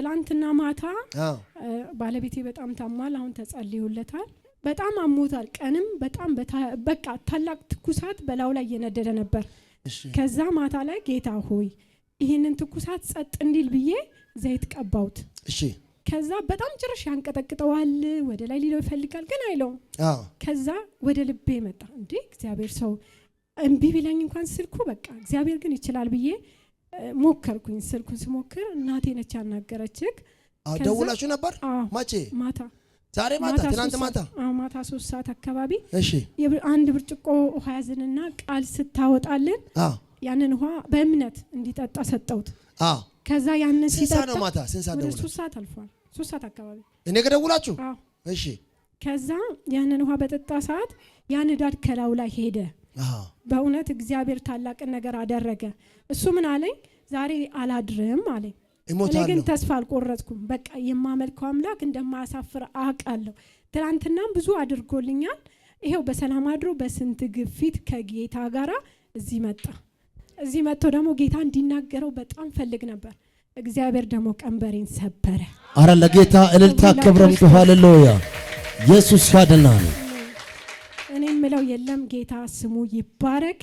ትላንትና ማታ ባለቤቴ በጣም ታሟል። አሁን ተጸልዩለታል። በጣም አሞታል። ቀንም በጣም በቃ ታላቅ ትኩሳት በላዩ ላይ እየነደደ ነበር። ከዛ ማታ ላይ ጌታ ሆይ ይህንን ትኩሳት ጸጥ እንዲል ብዬ ዘይት ቀባውት ከዛ በጣም ጭርሽ ያንቀጠቅጠዋል። ወደ ላይ ሊለው ይፈልጋል፣ ግን አይለውም። ከዛ ወደ ልቤ መጣ። እንዴ እግዚአብሔር ሰው እምቢ ቢለኝ እንኳን ስልኩ በቃ እግዚአብሔር ግን ይችላል ብዬ ሞከርኩኝ። ስልኩን ስሞክር እናቴ ነች ያናገረችህ። ደውላችሁ ነበር? መቼ? ማታ ዛሬ ማታ ትናንት ማታ አዎ፣ ማታ ሶስት ሰዓት አካባቢ እሺ። አንድ ብርጭቆ ውሃ ያዝንና ቃል ስታወጣልን ያንን ውሃ በእምነት እንዲጠጣ ሰጠውት። ከዛ ያንን ሲጠጣ ነው ማታ ስንት ሰዓት ደውላ? ሶስት ሰዓት አልፏል። ሶስት ሰዓት አካባቢ እኔ ከደውላችሁ እሺ። ከዛ ያንን ውሃ በጠጣ ሰዓት ያን ዳድ ከላው ላይ ሄደ። በእውነት እግዚአብሔር ታላቅን ነገር አደረገ። እሱ ምን አለኝ? ዛሬ አላድርም አለኝ። እኔ ግን ተስፋ አልቆረጥኩም። በቃ የማመልከው አምላክ እንደማያሳፍር አውቃለሁ። ትናንትናም ብዙ አድርጎልኛል። ይሄው በሰላም አድሮ በስንት ግፊት ከጌታ ጋር እዚህ መጣ። እዚህ መጥቶ ደግሞ ጌታ እንዲናገረው በጣም ፈልግ ነበር። እግዚአብሔር ደግሞ ቀንበሬን ሰበረ። አረ ለጌታ እልልታ ክብረም ሃሌሉያ! ኢየሱስ ያድናል። አይደለም። ጌታ ስሙ ይባረክ።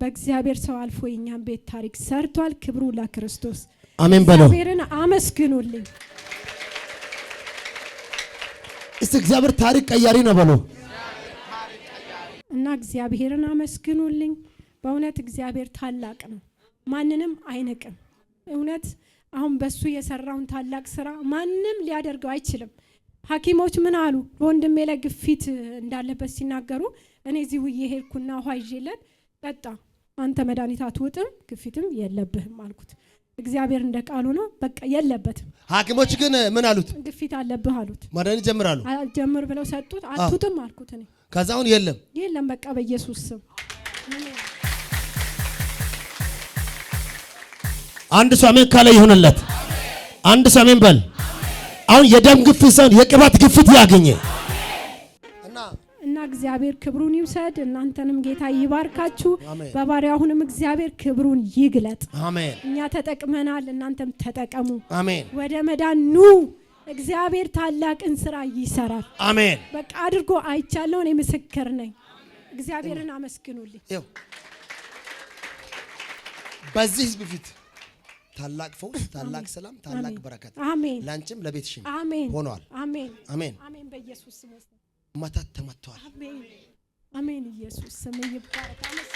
በእግዚአብሔር ሰው አልፎ የኛን ቤት ታሪክ ሰርቷል። ክብሩ ለክርስቶስ አሜን በለው። እግዚአብሔርን አመስግኑልኝ እስቲ። እግዚአብሔር ታሪክ ቀያሪ ነው በለው እና እግዚአብሔርን አመስግኑልኝ። በእውነት እግዚአብሔር ታላቅ ነው፣ ማንንም አይንቅም። እውነት አሁን በሱ የሰራውን ታላቅ ስራ ማንም ሊያደርገው አይችልም። ሐኪሞች ምን አሉ? በወንድሜ ላይ ግፊት እንዳለበት ሲናገሩ እኔ እዚህ ውዬ ሄድኩና ውሃ ይዤለት ጠጣ። አንተ መድኃኒት አትውጥም ግፊትም የለብህም አልኩት። እግዚአብሔር እንደ ቃሉ ነው። በቃ የለበትም። ሐኪሞች ግን ምን አሉት? ግፊት አለብህ አሉት። መድኃኒት ጀምራሉ ጀምር ብለው ሰጡት። አትውጥም አልኩት እኔ ከዛ አሁን የለም የለም በቃ በኢየሱስ ስም አንድ ሰው አሜን ካለ ይሆንለት። አንድ ሰው አሜን በል አሁን የደም ግፊት ሳይሆን የቅባት ግፊት ያገኘ እና እግዚአብሔር ክብሩን ይውሰድ። እናንተንም ጌታ ይባርካችሁ። በባሪያ አሁንም እግዚአብሔር ክብሩን ይግለጥ። አሜን። እኛ ተጠቅመናል፣ እናንተም ተጠቀሙ። አሜን። ወደ መዳን ኑ። እግዚአብሔር ታላቅን ስራ ይሰራል። አሜን። በቃ አድርጎ አይቻለሁ። እኔ ምስክር ነኝ። እግዚአብሔርን አመስግኑልኝ በዚህ ህዝብ ፊት ታላቅ ፈውስ፣ ታላቅ ሰላም፣ ታላቅ በረከት አሜን ለአንቺም ለቤትሽም ሆኗል። አሜን አሜን አሜን። በኢየሱስ ስም መታት ተመቷል። አሜን አሜን። ኢየሱስ ስም ይባረክ።